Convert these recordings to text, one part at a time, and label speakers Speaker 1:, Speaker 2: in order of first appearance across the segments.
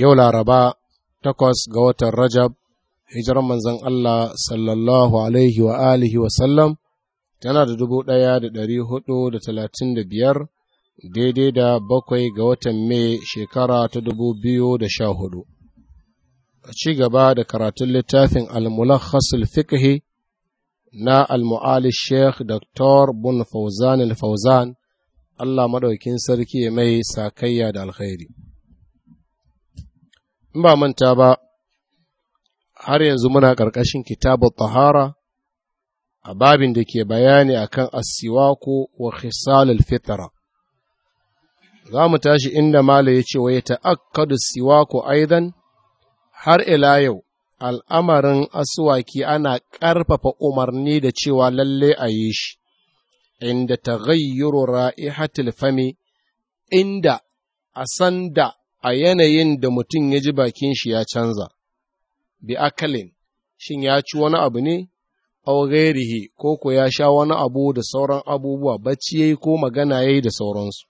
Speaker 1: yau laraba takwas ga watan rajab hijiran manzan Allah sallallahu alaihi wa alihi wa sallam tana da dubu ɗaya da ɗari hudu da talatin da biyar daidai da bakwai ga watan mai shekara ta dubu biyu da sha hudu a cigaba da karatun littafin al-mulakhasul fiqhi na al-mu'ali sheikh dr bun fauzan fauzan Allah maɗaukin sarki mai sakayya da alkhairi in ba manta ba har yanzu muna ƙarƙashin kitabu tahara a babin da ke bayani akan asiwako wa khisalul fitra za mu tashi inda mala ya ce wa ya ta'akkadu siwako aidan har ila yau al'amarin asuwaki ana ƙarfafa umarni da cewa lalle a yi shi, inda ta ra'ihatul fami, inda a sanda a yanayin da mutum ya ji bakin shi ya canza, bi akalin, shin ya ci wani abu ne, gairihi ko ko ya sha wani abu da sauran abubuwa bacci ya yi ko magana ya yi da sauransu.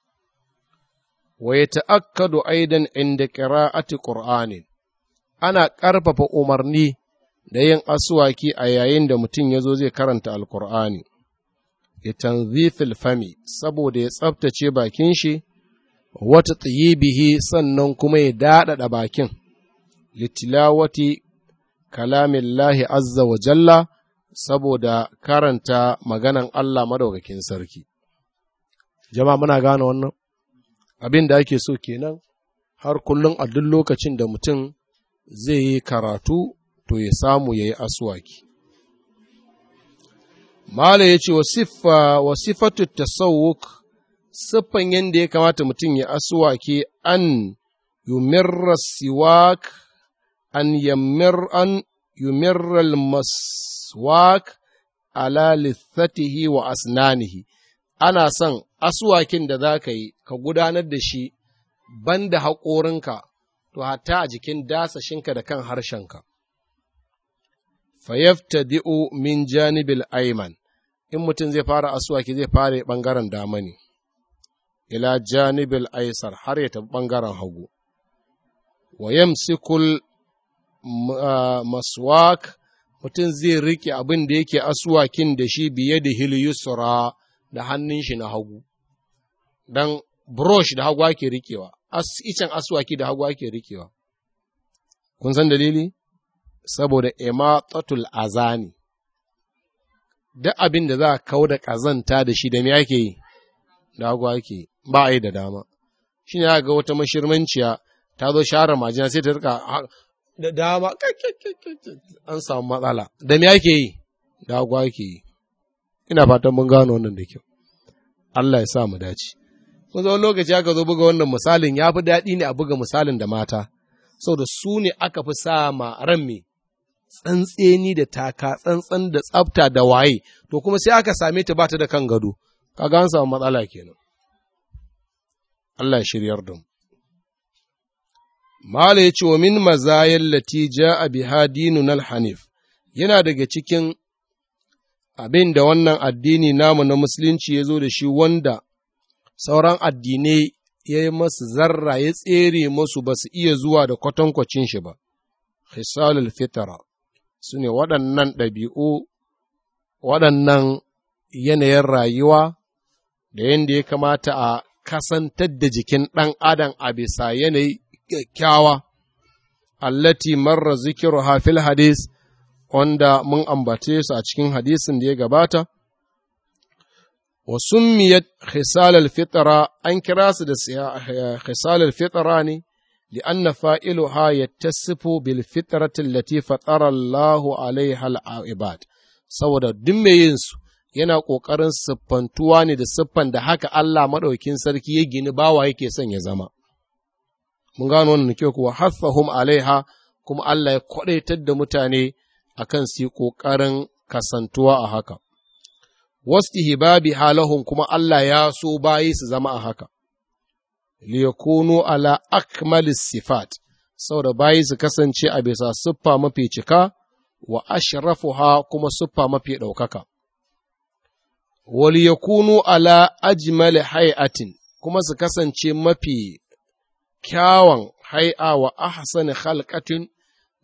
Speaker 1: Wa ya ta'akkadu aidan inda ati ƙur'anin, ana ƙarfafa umarni da yin asuwaki a yayin da mutum ya zo zai karanta Alƙur'ani, ya tanzifil fami saboda ya tsabtace bakin shi. wata bihi sannan kuma ya daɗaɗa bakin litilawati kalamillahi azza wa jalla saboda karanta maganan Allah madaukakin sarki jama'a muna gane wannan abin da ake so kenan har kullum a duk lokacin da mutum zai yi karatu to ya samu ya yi aswaki mala ya ce wa siffatu tasawuk siffan yadda ya kamata mutum ya asuwake an yumirra siwak an yammir an yumirral maswak ala wa asnanihi ana son asuwakin da za ka yi ka gudanar da shi banda haƙorinka to hatta a jikin dasashinka da kan harshenka fayaftadi'u min janibil aiman in mutum zai fara asuwaki zai fara ɓangaren dama ne ila janibil aisar har ya tafi ɓangaren hagu wa yamsikul maswak mutum zai riƙe abin da yake asuwakin da shi biye da hiliyusura da hannun shi na hagu don brush da hagu ake riƙewa icen asuwaki da hagu ake riƙewa kun san dalili saboda imatatul azani duk abin da za a kau da ƙazanta da shi da me ake yi da hagu ake yi ba a yi da dama shi ne ga wata mashirmanciya ta zo share majina sai ta rika da dama an samu matsala da me ake yi da agwa ake yi ina fatan mun gano wannan da kyau Allah ya sa mu dace kun zo lokaci aka zo buga wannan misalin ya fi daɗi ne a buga misalin da mata saboda su ne aka fi sa ma ran me tsantseni da taka tsantsan da tsafta da waye to kuma sai aka same ta ba ta da kan gado kaga an samu matsala kenan Allah shiryar da mu. Mala ya ce wa min mazayan latija a biha dinun hanif yana daga cikin abin da wannan addini namu na musulunci ya zo da shi wanda sauran addinai ya yi masu zarra ya tsere masu ba su iya zuwa da kwatankwacin shi ba, hisalul fitara su ne waɗannan ɗabi'u, waɗannan yanayin rayuwa da yadda ya kamata a kasantar da jikin ɗan adam a bisa yanayi kyakkyawa allati marra zikiru hafil hadis wanda mun ambace su a cikin hadisin da ya gabata wa summiyat khisalal fitra an kira su da khisalal fitra ne لأن فائلها ta sifo latifa فطر الله عليها العباد saboda duk yin su yana ƙoƙarin siffantuwa ne da siffan da haka Allah maɗaukin sarki ya gini bawa yake son ya zama. Mun gano wannan kyau kuwa haffahum alaiha kuma Allah ya kwaɗaitar da mutane a kan su yi ƙoƙarin kasantuwa a haka. Wasu hibabi halahun kuma Allah ya so bayi su zama a haka. Liyakunu ala akmalis sifat, saboda bayi su kasance a bisa siffa mafi cika wa ashrafuha kuma siffa mafi ɗaukaka. Waliyakunu yakunu ala ajmal hai'atin, kuma su kasance mafi kyawan hai'a wa ahsani khalqatin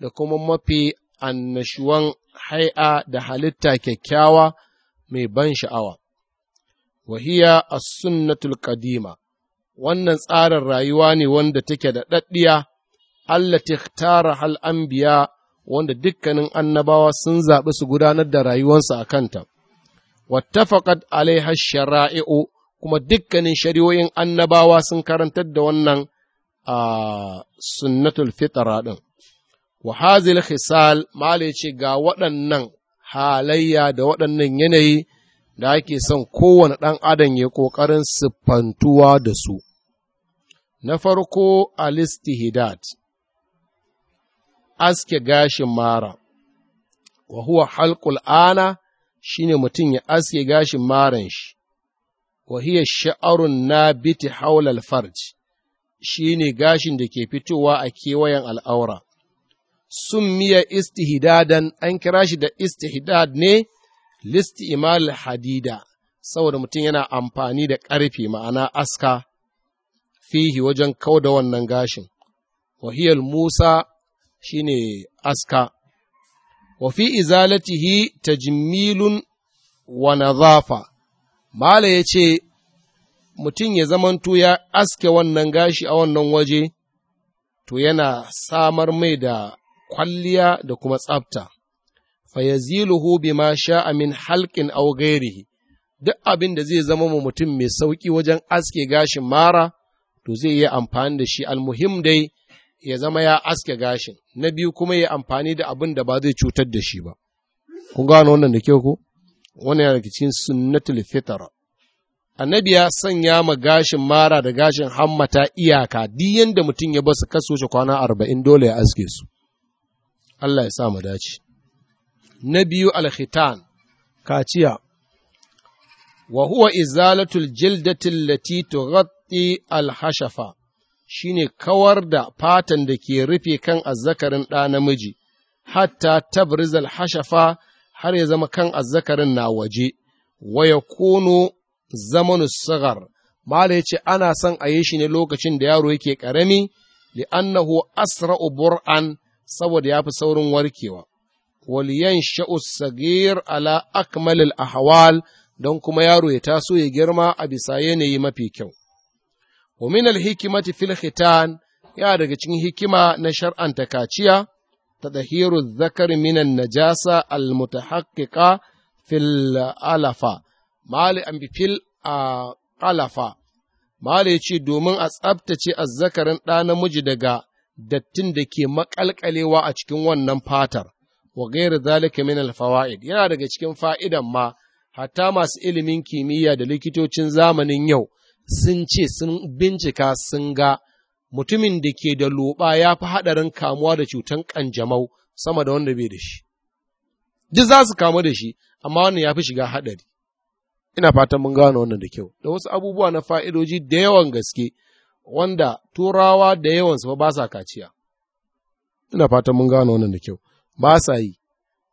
Speaker 1: da kuma mafi annashuwan hai'a da halitta kyakkyawa mai ban sha'awa wahiya a sunnatul kadima wannan tsarin rayuwa ne wanda take da Allah ta tara hal anbiya wanda dukkanin annabawa sun zaɓi su gudanar da rayuwarsu a kanta wattafaqat alaiha shara'i'u kuma dukkanin shari'o'in annabawa sun karantar da wannan a sunnatul fitra din wa hazil khisal mala ce ga waɗannan halayya da waɗannan yanayi da ake son kowane ɗan adam ya ƙoƙarin sifantuwa da su na farko alistihidat aske gashin mara wa huwa halqul ana Shi ne mutum ya aske gashin maran shi, wa hiya sha'arun na biti haulal farj, ne gashin da ke fitowa a kewayen al'aura. Sun miya istihdadan an kira shi da istihdad ne imal hadida, saboda mutum yana amfani da ƙarfe ma'ana aska fihi wajen kau da wannan gashin. Wahiyar Musa shi ne aska. wa fi izalatihi tajmilun wa nadhafa mala ya ce mutum ya zamanto ya aske wannan gashi a wannan waje to yana samar mai da kwalliya da kuma tsafta fa yaziluhu bima sha'a min halqin aw ghairihi duk abin da zai zama mutum mai sauƙi wajen aske gashin mara, to zai yi amfani da shi almuhim dai ya zama ya aske gashin na biyu kuma ya amfani da abin da ba zai cutar da shi ba kun gano wannan da kyau ku. wani yana daga sunnatul annabi ya sanya ma gashin mara da gashin hammata iyaka duk yanda mutum ya basu kaso shi kwana arba'in dole ya aske su Allah ya sa mu dace na biyu alkhitan kaciya wa huwa izalatul jildatil lati tughatti alhashafa Shi ne kawar da fatan da ke rufe kan azzakarin ɗa namiji, hatta tabrizal hashafa har ya zama kan azzakarin na waje, waya kono zamanu sagar, Mala ya ce ana son a yi shi ne lokacin da yaro yake ƙarami, li'annahu asra'u bur'an saboda ya fi saurin warkewa. Waliyan sha’u sagir ala akmalil ahwal don kuma yaro ya taso ya girma a bisa yanayi mafi kyau. wa min alhikimati fil khitan yana daga cikin hikima na shar'anta kaciya tadhiru zakari minan najasa al mutahaqqiqa fil alafa mali an alafa mali ce domin a tsabtace azzakarin ɗa namiji daga dattin da ke maƙalƙalewa a cikin wannan fatar wa gairu zalika min fawa'id yana daga cikin fa'idan ma hatta masu ilimin kimiyya da likitocin zamanin yau sun ce sun bincika sun ga mutumin da ke da loba ya fi haɗarin kamuwa da cutan ƙanjamau sama da wanda bai da shi. Duk za su kamu da shi, amma wannan ya fi shiga haɗari. Ina fatan mun gano wannan da kyau, da wasu abubuwa na fa'idoji da yawan gaske, wanda turawa da yawansu ba sa kaciya. Ina fatan mun gano wannan da kyau, ba sa yi,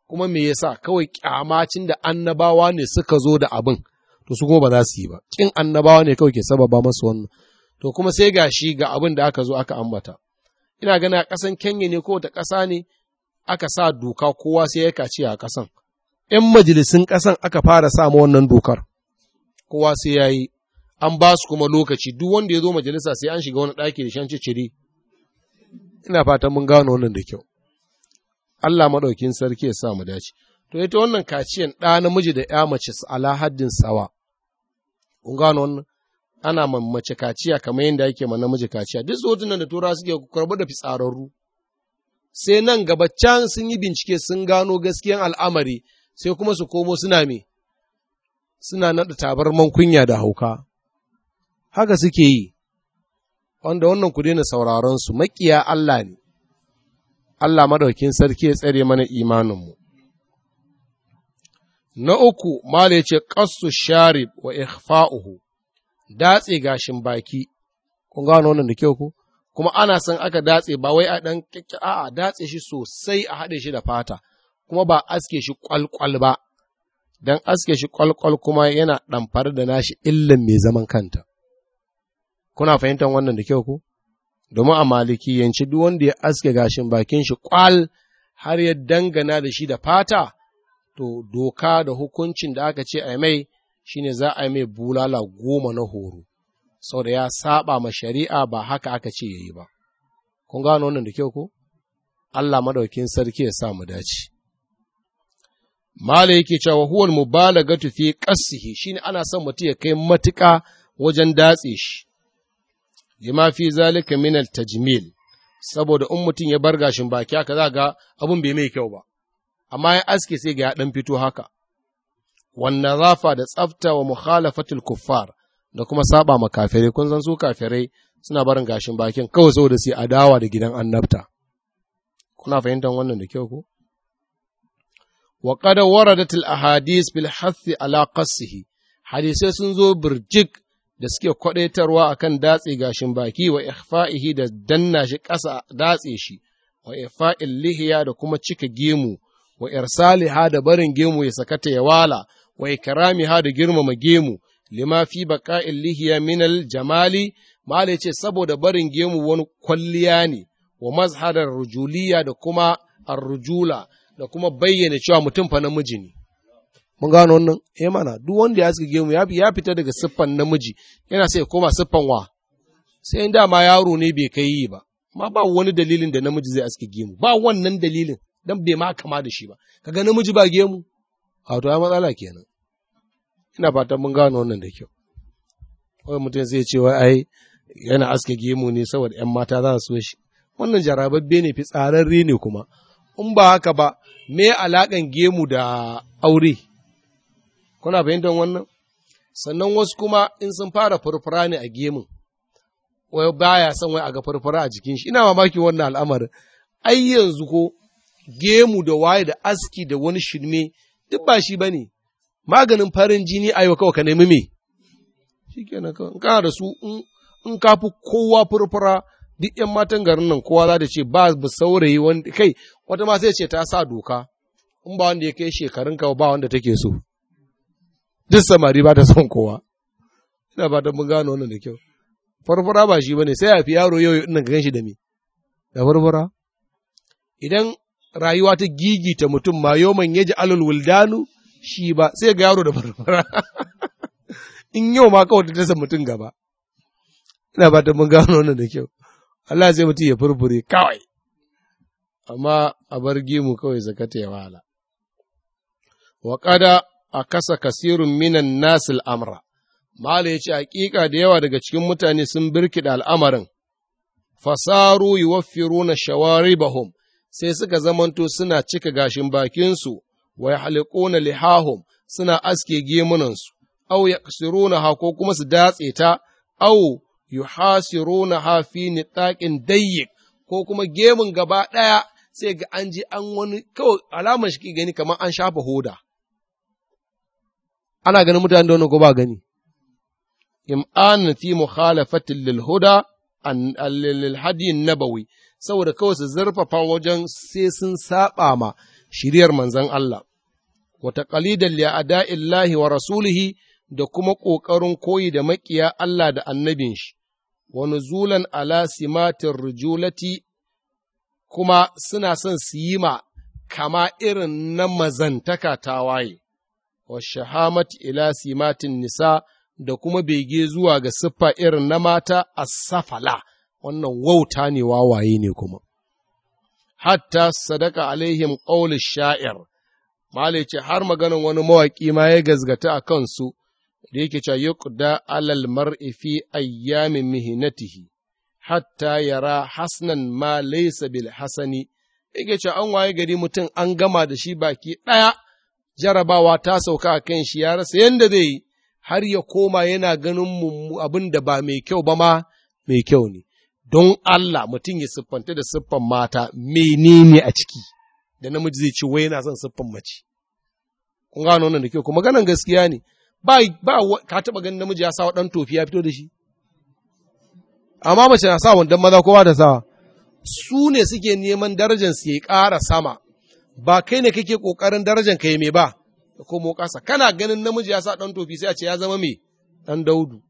Speaker 1: kuma me yasa kawai ƙyamacin da annabawa ne suka zo da abin. to su ba za su yi ba kin annabawa ne kawai ke sababa masu wannan to kuma sai ga shi ga abin da aka zo aka ambata ina gani a ƙasan Kenya ne ko ta ƙasa ne aka sa doka kowa sai ya kaci a ƙasan ‘yan majalisun ƙasan aka fara sa ma wannan dokar kowa sai ya yi an ba su kuma lokaci duk wanda ya zo majalisa sai an shiga wani ɗaki da shan ciciri ina fatan mun gano wannan da kyau Allah maɗaukin sarki ya sa mu dace to ita wannan kaciyan ɗa namiji da ‘ya mace ala haddin sawa kun gano wannan ana mace kaciya kamar yadda yake ma namiji kaciya duk sojin nan da tura suke karbu da fitsararru sai nan gaba can sun yi bincike sun gano gaskiyan al'amari sai kuma su komo suna me suna naɗa tabarman kunya da hauka haka suke yi wanda wannan ku daina sauraron su makiya Allah ne Allah madaukin sarki ya tsare mana imaninmu Na uku, Mala ya ce, ƙassu sharib wa ikhfa'uhu, datse gashin baki, kun gano wannan da kyau ku? Kuma ana san aka datse ba wai a ɗan a'a datse shi sosai a haɗe shi da fata, kuma ba aske shi ƙwalƙwal ba, don aske shi ƙwalƙwal kuma yana ɗamfar da nashi illan mai zaman kanta. Kuna fahimtar wannan da kyau ku? domin a Maliki, yanci duk wanda ya aske gashin bakin shi ƙwal har ya dangana da shi da fata, to doka da hukuncin da aka ce a mai shi ne za a mai bulala goma na horo saboda ya saba ma shari'a ba haka aka ce yayi ba kun gano wannan da kyau ko Allah madaukin sarki ya sa mu dace mala yake cewa ga tufi fi shi ne ana son mutum ya kai matuka wajen datse shi lima fi zalika minal tajmil saboda in mutum ya bar gashin baki aka za ga abun bai mai kyau ba amma ya aske sai ga ya ɗan fito haka. Wannan zafa da tsafta wa muhalafatul kuffar da kuma saba ma kafirai, kun san su kafirai suna barin gashin bakin kawai sau da su adawa da gidan annabta. Kuna fahimtar wannan da kyau ku? Wa qad waradat al bil hath ala Hadisai sun zo birjik da suke a kan datse gashin baki wa ikhfa'ihi da danna shi ƙasa datse shi wa ifa'il lihiya da kuma cika gemu wa irsaliha da barin gemu ya sakata ya wala wa ikramiha da girmama gemu Limafi, fi baqa'il lihiya min al jamali mala yace saboda barin gemu wani kwalliya ne wa mazharar rujuliya da kuma arrujula da kuma bayyana cewa mutum fa namiji ne mun gano wannan eh mana duk wanda ya saka gemu ya fita daga siffan namiji yana sai koma siffan wa sai inda dama yaro ne bai kai yi ba ma ba wani dalilin da namiji zai aske gemu ba wannan dalilin dan bai ma kama da shi ba kaga namiji ba gemu a to ya matsala kenan ina fatan mun gano wannan da kyau kawai mutum zai ce wai ai yana aske gemu ne saboda yan mata za su so shi wannan jarababbe ne fitsararre ne kuma in ba haka ba me alakan gemu da aure kuna fahimtar wannan sannan wasu kuma in sun fara furfura ne a gemun wai baya son wai a ga furfura a jikin shi ina mamakin wannan al'amarin ai yanzu ko gemu da waye da aski da wani shirme duk ba shi ba ne, maganin farin jini a yau kawai ka nemi me. Shi kenan kawai, in kana da su in ka fi kowa furfura duk ‘yan matan garin nan kowa za ta ce ba bu saurayi wani kai wata ma sai ce ta sa doka in ba wanda ya kai shekarun ka ba wanda take so. Duk samari ba ta son kowa. Ina ba ta mun gano wannan da kyau. Farfara ba shi ne sai a fi yaro yau ina ga shi da me. Da farfura Idan rayuwa ta gigita mutum ma yoman ji alul wuldanu shi ba sai ga yaro da barbara in yau ma kawai ta dasa mutum gaba ina ba ta mun gano wannan da kyau Allah zai mutum ya furfure kawai amma a bar gimu kawai zakata ya wala wa kada a kasa kasirun minan nasil amra mala ya ce hakika da yawa daga cikin mutane sun birkida al'amarin fasaru yuwaffiruna shawaribahum sai suka zamanto suna cika gashin bakinsu wa na lihahum suna aske gemunansu aw yaqsirunaha ko kuma su datse ta au aw yuhasirunaha fi nitaqin dayyiq ko kuma gemun gaba ɗaya sai ga an ji an wani kawai alamar shi gani kamar an shafa hoda ana ganin mutane da wani ko ba gani im'an fi mukhalafatin lil huda an lil nabawi saboda kawai su zurfafa wajen sai sun saba ma shiriyar manzan Allah wata ƙalidar li da'Illahi wa rasulihi da kuma ƙoƙarin koyi da maƙiya Allah da annabin shi wani zulan ala simatir kuma suna son su yi ma kama irin na mazantaka tawaye wa shahamat ila simatin nisa' da kuma bege zuwa ga siffa irin na mata a safala wannan wauta ne wawaye ne kuma hatta sadaka alaihim ƙaulis sha'ir malai ce har maganin wani mawaƙi ma ya gazgata a kansu da yake yi yuqda alal mar'i fi ayyami mihinatihi hatta yara hasnan ma laisa bil hasani yake cewa an waye gari mutum an gama da shi baki ɗaya jarabawa ta sauka a kan shi ya rasa yadda zai yi har ya koma yana ganin abin da ba mai kyau ba ma mai kyau ne don Allah mutum ya siffanta da siffan mata menene a ciki da namiji zai ci wai yana son siffan mace kun gano wannan da kyau kuma ganin gaskiya ne ba ka taba ganin namiji ya sawa dan tofi ya fito da shi amma mace na sa wandan maza kowa da sawa su ne suke neman darajar su ya ƙara sama ba kai ne kake kokarin darajar kai mai ba da mo ƙasa kana ganin namiji ya sa ɗan tofi sai a ce ya zama mai ɗan daudu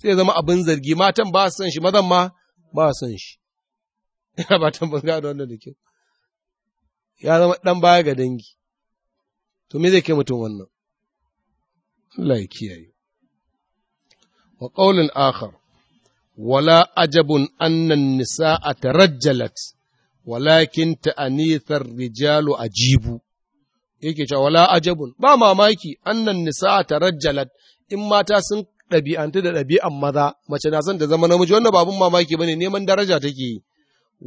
Speaker 1: sai zama abin zargi matan ba son shi mazan ma ba son shi ina ba tan banga da wannan da kyau ya zama dan baya ga dangi to me zai kai mutum wannan Allah ya kiyaye wa qaulun akhar wala ajabun annan nisaa tarajjalat walakin ta'anithar rijalu ajibu yake cewa wala ajabun ba mamaki annan nisaa tarajjalat in mata sun ɗabi'antu da ɗabi'an maza mace na son ta zama namiji wannan babun mamaki bane neman daraja take yi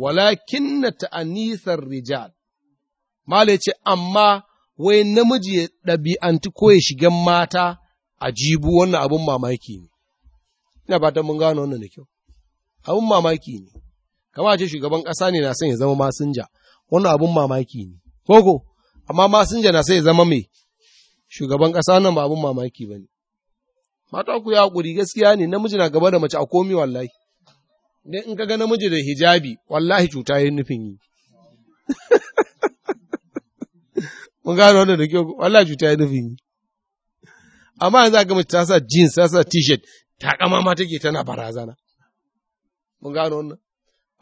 Speaker 1: walakin na ta'anisar rijal mala ce amma wai namiji ya ɗabi'antu ko ya shiga mata a jibu wannan abun mamaki ne ina fatan mun gano wannan da kyau abun mamaki ne kamar ce shugaban ƙasa ne na son ya zama masinja wannan abun mamaki ne koko amma masinja na son ya zama mai shugaban ƙasa nan ba abun mamaki ba ne mata ku yi haƙuri gaskiya ne namiji na gaba da mace a komi wallahi dan in kaga namiji da hijabi wallahi cuta yin nufin yi mun gano wanda da kyau wallahi cuta yin nufin yi amma yanzu ga mace ta sa jeans ta sa t-shirt ta kama ma take tana barazana mun gano wannan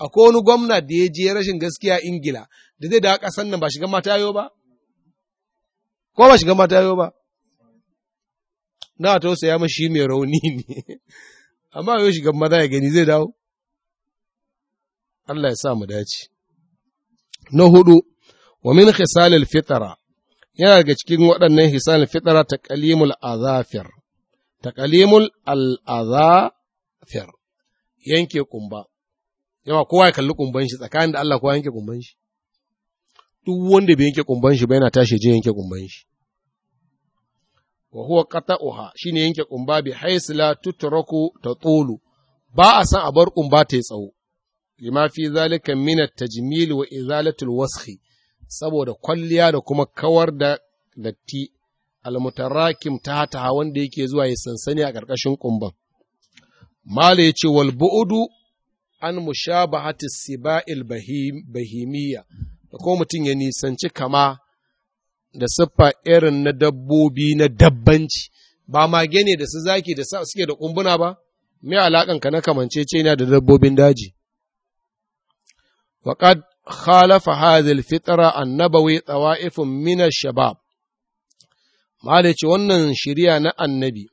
Speaker 1: akwai wani gwamna da ya je rashin gaskiya Ingila da zai da ƙasar nan ba shiga mata yau ba ko ba shiga mata yau ba na tausaya mashi mai rauni ne amma yau shiga maza ya gani zai dawo Allah ya sa mu dace na hudu wa min hisalil fitara yana daga cikin waɗannan hisalin fitara ta kalimul azafir ta kalimul al'azafir yanke kumba yawa kowa ya kalli kumban shi tsakanin da Allah kowa yanke kumban shi duk wanda bai yanke kumban shi ba yana tashi je yanke kumban shi wa huwa qata'uha shine yanke kumba bi haisla tutraku ta ba a san a bar kumba ta tsawo lima fi zalika min at-tajmil wa izalatul waskhi saboda kwalliya da kuma kawar da datti almutarakim ta ta wanda yake zuwa ya sansani a ƙarƙashin kumban mala ya wal bu'udu an mushabahati siba'il bahimiyya da ko mutum ya nisanci kama da siffa irin na dabbobi na dabbanci ba mage ne da su zaki da suke da kumbuna ba mai alakan ka na kamancece na da dabbobin daji وقد خالف fitara annabawi tsawa طوائف mina shabab. ce wannan shirya na annabi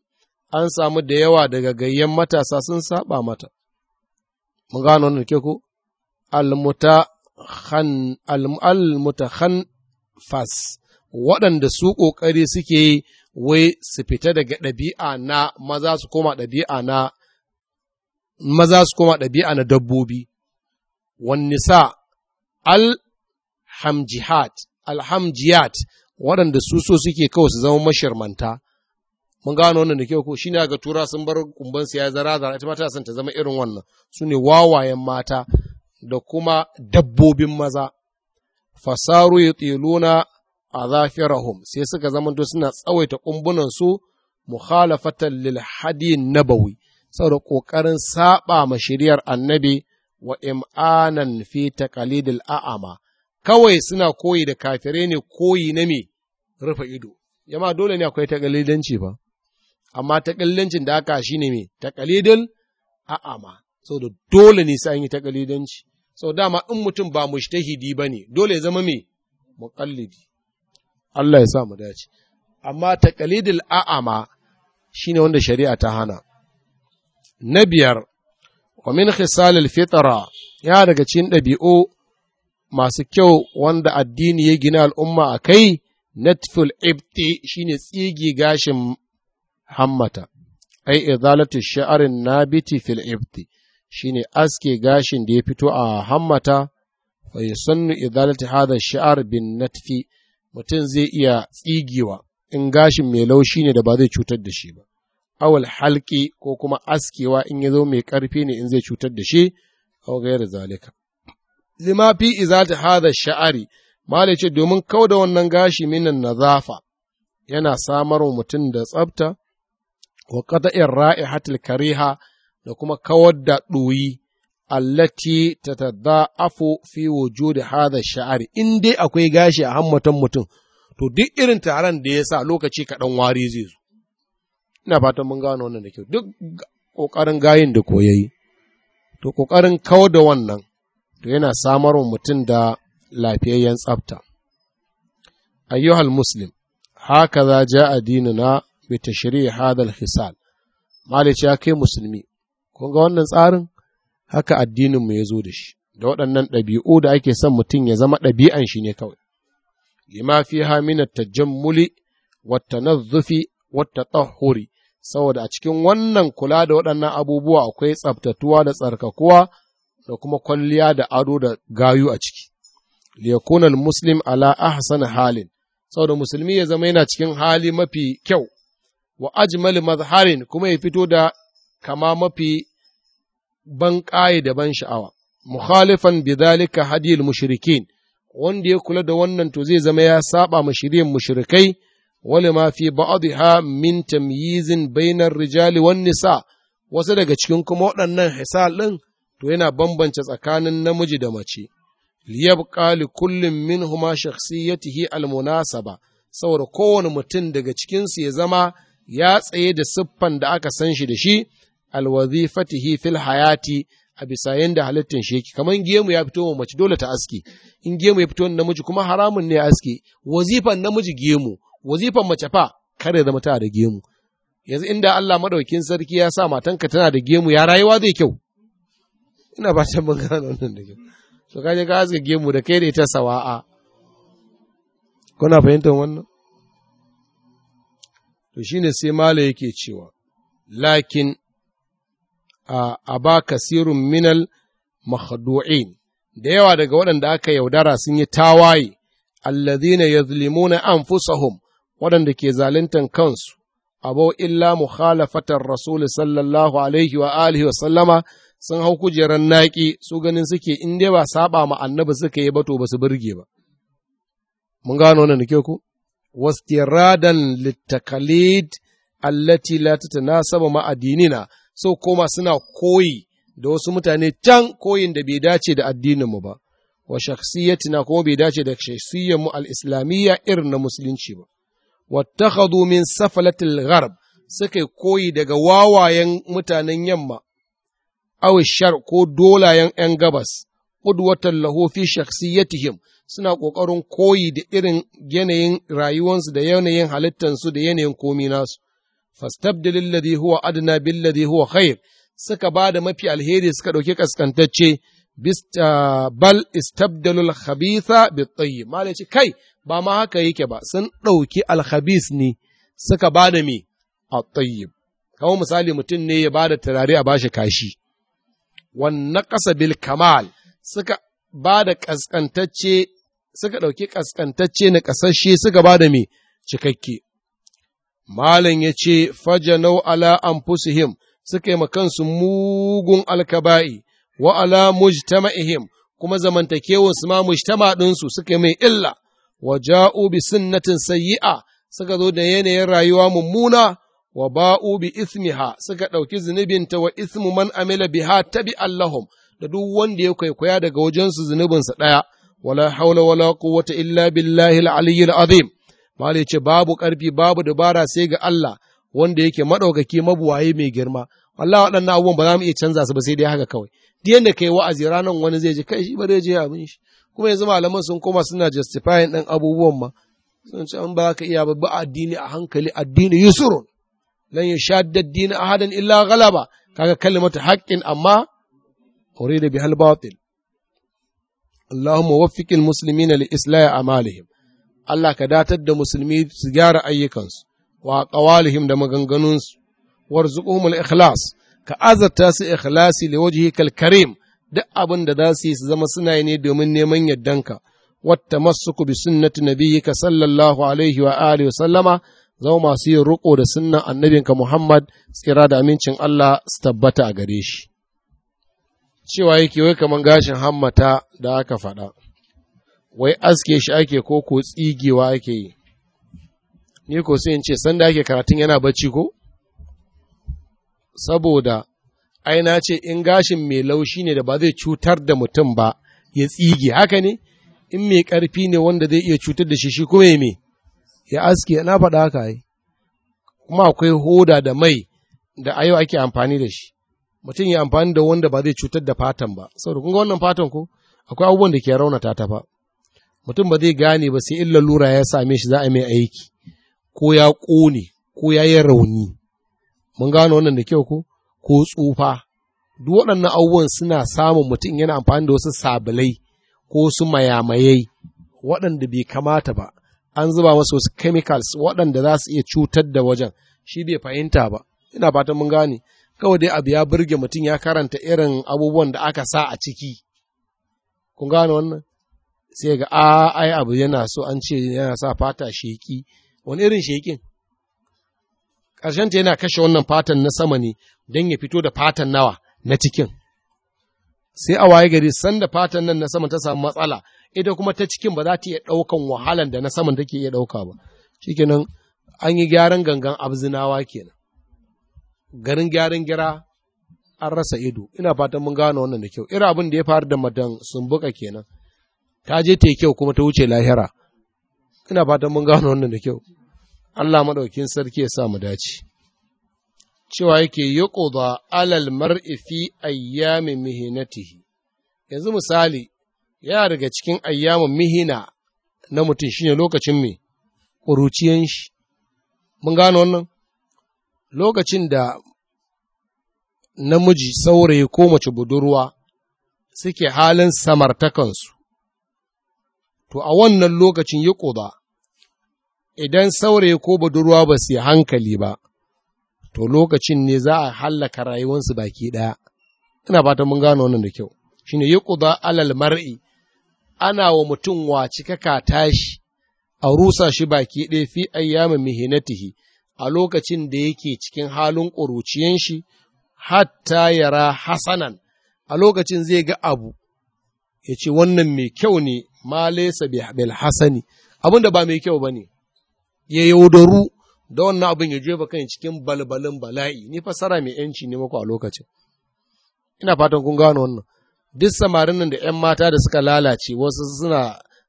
Speaker 1: an samu da yawa daga gayyan matasa sun saba mata mun gano wannan ke ku. almutakhan fas waɗanda su ƙoƙari suke wai su fita daga ɗabi'a na maza su koma ɗabi'a na maza su koma ɗabi'a na dabbobi wani sa alhamjihat alhamjiyat waɗanda su so suke kawai su zama mashirmanta mun gano wannan da kyau ko shine ga tura sun bar kumban su ya zara zara ita mata san ta zama irin wannan su ne wawayen mata da kuma dabbobin maza fasaru yatiluna a zafirahum sai suka zamanto suna tsawaita ƙumbunansu mukhalafatan lil hadin nabawi saboda ƙoƙarin saɓa ma shiriyar annabi wa im'anan fi taqalidil a'ama kawai suna koyi da kafirai ne koyi na me rufe ido yamma dole ne akwai taqalidanci ba amma taqalidancin da aka shine me taqalidil a'ama saboda dole ne sai an yi taqalidanci sau dama in mutum ba mushtahidi bane dole ya zama me muqallidi Allah ya sa mu dace amma taqalidul a'ama shine wanda shari'a ta hana na biyar wa min khisalil fitra ya daga cikin ɗabi'u masu kyau wanda addini ya gina al'umma a kai natful ibti shine tsigi gashin hammata ai izalatu sha'arin nabiti fil ibti shine aske gashin da ya fito a hammata fa sannu izalatu hada sha'ar bin natfi mutum zai iya tsigewa in gashin mai laushi ne da ba zai cutar da shi ba awal halki ko kuma askewa in ya zo mai ƙarfi ne in zai cutar da shi aw zalika lima fi ta haza sha'ari mala ce domin da wannan gashi minan nazafa yana samar wa mutum da tsabta wa ra'i hatil kariha da kuma kawar da ɗoyi allati afu fi wujudi hadha sha'ari in dai akwai gashi a hammatan mutum to duk irin taron da ya sa lokaci kaɗan wari zai zo ina fatan mun gano wannan da kyau duk ƙoƙarin gayin da koyayi to ƙoƙarin kawo da wannan to yana samar wa mutum da lafiyayyen tsafta ayyuhal muslim haka za ja na bi tashri hadal hisal malice ya kai musulmi kun ga wannan tsarin haka addininmu ya zo da shi da waɗannan ɗabi'u da ake son mutum ya zama ɗabi'an shi ne kawai lima fi ta tajammuli wata nazzufi wata tahuri saboda a cikin wannan kula da waɗannan abubuwa akwai tsaftatuwa da tsarkakuwa da kuma kwalliya da ado da gayu a ciki liyakuna muslim ala ahsan halin saboda musulmi ya zama yana cikin hali mafi kyau wa ajmal mazharin kuma ya fito da kama mafi ban ƙaye da ban sha'awa mukhalifan Bidalika hadil mushrikin wanda ya kula da wannan to zai zama ya saba ma shiryen mushrikai wale ma fi ba'dha min tamyizin bainar rijali wan nisa wasu daga cikin kuma waɗannan hisal ɗin to yana bambance tsakanin namiji da mace liyabqa kullum kullin huma shakhsiyatihi almunasaba saboda kowane mutum daga cikinsu ya zama ya tsaye da siffan da aka san shi da shi alwazifatihi fil hayati a bisa yanda halittin shi yake kamar gemu ya fito wa mace dole ta aski in gemu ya fito namiji kuma haramun ne aski wazifan namiji gemu wazifan mace fa kare zama tana da gemu yanzu inda Allah madaukin sarki ya sa matanka tana da gemu ya rayuwa zai kyau ina ba ta mun gano wannan da kyau so kaje ka aski gemu da kai da ita sawa'a kuna fahimtar wannan to shine sai mala yake cewa lakin a ba kasirun minal makhdu'in da yawa daga waɗanda aka yaudara sun yi tawaye alladhina yazlimuna anfusahum waɗanda ke zaluntan kansu abu illa mukhalafatar rasul sallallahu alaihi wa alihi wa sallama sun hau kujerar naƙi su ganin suke in dai ba saba ma annabi suka yi bato ba su burge ba mun gano wannan ke ku wastiradan littakalid allati la tatanasaba ma adinina so koma suna koyi da wasu mutane can koyin da bai dace da addininmu ba, wa tuna kuma bai dace da al-islamiyya irin na musulunci ba. Wattakhadhu min safalatil gharb suka koyi daga wawayen mutanen yamma, shar ko dolayen ‘yan gabas, ƙudwatan lahu fi tihim suna ƙoƙarin koyi da irin yanayin rayuwansu da yanayin halittansu da yanayin komi nasu. fastabdil alladhi huwa adna bil ladhi huwa khair suka ba da mafi alheri suka ɗauki kaskantacce bal istabdalul khabitha bit tayyib ce kai ba ma haka yake ba sun ɗauki alhabis ne suka ba da me a tayyib kawo misali mutum ne ya ba da turare a bashi kashi wannan ƙasa bil kamal suka suka ɗauki ƙasƙantacce na ƙasashe suka ba da cikakke Malam ya ce, Fajanau ala anfusihim suka yi kansu mugun alkaba'i, wa ala mujtama'ihim kuma zamantakewansu ma mujtama ɗinsu suka yi mai illa, wa ja'u bi sunnatin sayi'a, suka zo da yanayin rayuwa mummuna, wa ba'u bi ismiha suka ɗauki zunubinta wa ismu man amila biha bi Allahum da duk wanda ya kwaikwaya daga wajensu zunubinsa ɗaya. haula حول ولا illa Mali ce babu ƙarfi babu dabara sai ga Allah wanda yake maɗaukaki mabuwaye mai girma. Allah waɗannan abubuwan ba za mu iya canza su ba sai dai haka kawai. Duk yadda kai wa'azi ranar wani zai ji kai shi ba zai je abin shi. Kuma yanzu malaman sun koma suna justifying ɗan abubuwan ma. Sun ce an ba ka iya ba addini a hankali addini yusurun. Lan ya shaddad dini ahadan illa galaba. Kaga kalmata haƙƙin amma أريد بها الباطل اللهم وفق المسلمين لإصلاح أعمالهم Allah ka datar da musulmi su gyara ayyukansu wa ƙawalihim da maganganunsu warzuqhum ikhlas ka azata su ikhlasi li wajhikal karim duk abin da za su yi su zama suna yi ne domin neman yaddanka wata masuku bi sunnati nabiyyika sallallahu alaihi wa alihi wa sallama zama masu yin ruko da sunnan annabinka Muhammad tsira da amincin Allah su tabbata a gare shi cewa yake wai kaman gashin hammata da aka faɗa wai aske shi ake ko ko tsigewa ake yi ni ko sai in ce sanda ake karatun yana bacci ko saboda ai na ce in gashin mai laushi ne da ba zai cutar da mutum ba ya tsige haka ne in mai ƙarfi ne wanda zai iya cutar da shi shi kuma ya me ya aske na faɗa haka ai kuma akwai hoda da mai da ayo ake amfani da shi mutum ya amfani da wanda ba zai cutar da fatan ba saboda kun ga wannan fatan ko akwai abubuwan da ke raunata ta fa mutum ba zai gane ba sai illa lura ya same shi za a mai aiki ko ya ƙone ko ya yi rauni mun gano wannan da kyau ko tsufa duk waɗannan abubuwan suna samun mutum yana amfani da wasu sabulai ko su mayamayai waɗanda bai kamata ba an zuba masa wasu chemicals waɗanda za su iya cutar da wajen shi bai fahimta ba ina fatan mun gane kawai dai abu ya burge mutum ya karanta irin abubuwan da aka sa a ciki kun gane wannan sai ga a ah, ai abu yana so an ce yana sa fata sheki wani irin shekin ƙarshen ta yana kashe wannan fatan na sama ne don ya fito da fatan nawa na cikin sai a waye gari sanda fatan nan na sama ta samu matsala ita kuma ta cikin ba za ta iya ɗaukan wahalan da na saman take iya ɗauka ba cikin nan an yi gyaran gangan abzinawa kenan garin gyaran gira an rasa ido ina fatan mun gane wannan da kyau irin abin da ya faru da madan sumbuka kenan ta je ta yi kyau kuma ta wuce lahira ina fatan mun gano wannan da kyau Allah maɗaukin sarki ya sa mu dace cewa yake yuqda alal mar'i fi ayyami mihinatihi yanzu misali ya daga cikin ayyamin mihina na mutum shine lokacin me ƙuruciyan shi mun gano wannan lokacin da namiji saurayi ko mace budurwa suke halin samartakansu to a wannan lokacin yi ƙuda, idan saurayi ko budurwa ba su hankali ba, to lokacin ne za a hallaka rayuwarsu baki ɗaya. Ina fatan mun gano wannan da kyau, shi ne yi ƙuda alal mar'i, ana wa mutum wa ka tashi, a rusa shi baki ɗaya fi ayyamin mihinatihi a lokacin da yake cikin halin ƙuruciyan shi, hatta yara hasanan, a lokacin zai ga abu, ya ce wannan mai kyau ne ma laysa bil hasani abinda ba mai kyau bane ya yaudaru da wannan abin ya jefa kan cikin balbalin bala'i ni fasara mai yanci ne muku a lokacin ina fatan kun gano wannan duk samarin nan da yan mata da suka lalace wasu suna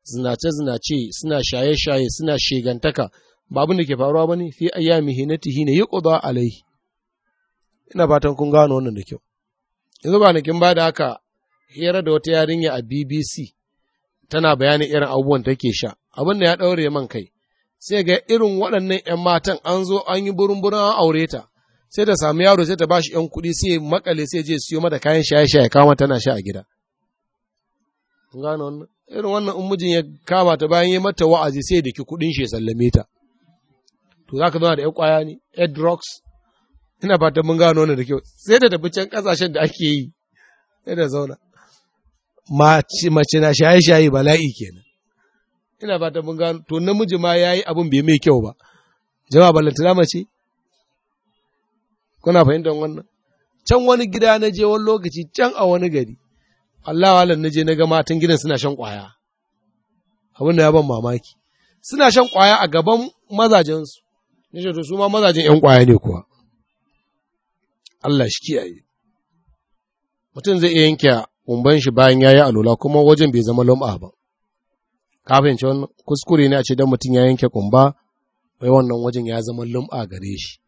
Speaker 1: zinace zinace suna shaye shaye suna shegantaka ba abin da ke faruwa bane fi ayyami hinatihi ne yuqda alaihi. ina fatan kun gano wannan da kyau yanzu ba nakin ba da haka hira da wata yarinya a BBC tana bayanin irin abubuwan da take sha, abin da ya ɗaure man kai, sai ga irin waɗannan ‘yan matan an zo an yi burin burin an aure ta, sai ta sami yaro sai ta ba shi ‘yan kuɗi sai makale sai je siyo mata kayan shaye-shaye kama tana sha a gida. Gano irin wannan in mijin ya kama ta bayan yi mata wa'azi sai da ki kuɗin shi ya sallame ta. To za ka zama da ‘yan ƙwaya ne, ed rocks ina fatan mun gano wannan da kyau, sai da tafi can ƙasashen da ake yi, sai da zauna. mace na shaye-shaye bala'i kenan ina ba ta mun gano to namiji ma ya yi abin bai mai kyau ba jama'a ballantana mace kuna fahimtar wannan can wani gida na je wani lokaci can a wani gari Allah walan na je na ga matan gidan suna shan kwaya abin da ya ban mamaki suna shan kwaya a gaban mazajensu na to su ma mazajen yan kwaya ne kuwa Allah shi kiyaye mutum zai iya yanke kumban shi bayan ya yayi alula kuma wajen bai zama lum'a ba kafin ce kuskure ne a ce dan mutum ya yanke kumba bai wannan wajen ya zama lum'a gare shi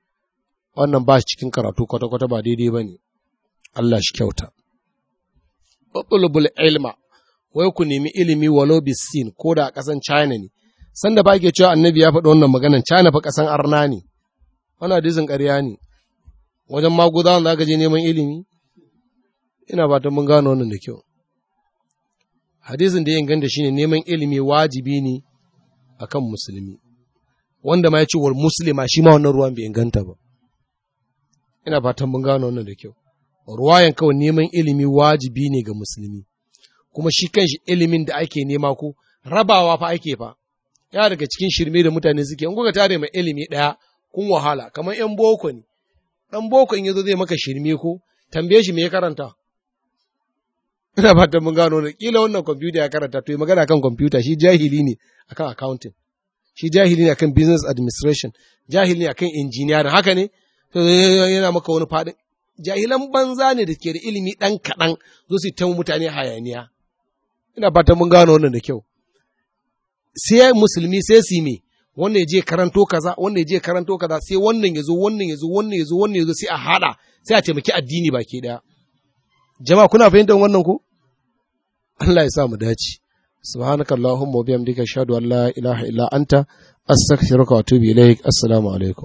Speaker 1: wannan ba shi cikin karatu kwata kwata ba daidai bane Allah shi kyauta utlubul ilma wai ku nemi ilimi walau sin ko da a kasan China ne sanda ba ke cewa annabi ya faɗi wannan maganan China fa kasan arna ne wannan dizin ƙarya ne wajen maguza za aka je neman ilimi ina ba ta mun gano wannan da kyau hadisin da yin ganda shine neman ilimi wajibi ne akan musulmi wanda ma ya ce wa muslima shi ma wannan ruwan bai inganta ba ina fatan mun gano wannan da kyau ruwayan kawai neman ilimi wajibi ne ga musulmi kuma shi kanshi ilimin da ake nema ko rabawa fa ake fa ya daga cikin shirme da mutane suke in kuka tare mai ilimi ɗaya kun wahala kamar yan boko ne dan boko in yazo zai maka shirme ko tambaye shi me ya karanta ina fatan mun gano ne kila wannan kwamfuta ya karanta to yi magana kan kwamfuta shi jahili ne akan accounting shi jahili ne akan business administration jahili ne akan engineering haka ne yana maka wani fadi jahilan banza ne da ke da ilimi dan kaɗan zo su ta mutane hayaniya ina fatan mun gano wannan da kyau sai musulmi sai su me wannan ya je karanto kaza wannan ya je karanto kaza sai wannan ya zo wannan ya zo wannan ya zo wannan ya zo sai a haɗa sai a taimaki addini baki ɗaya. jama'a kuna fahimtar wannan ko Allah ya sa mu dace subhanaka allahumma wa bihamdika ashhadu an la ilaha illa anta astaghfiruka wa atubu ilaik assalamu alaikum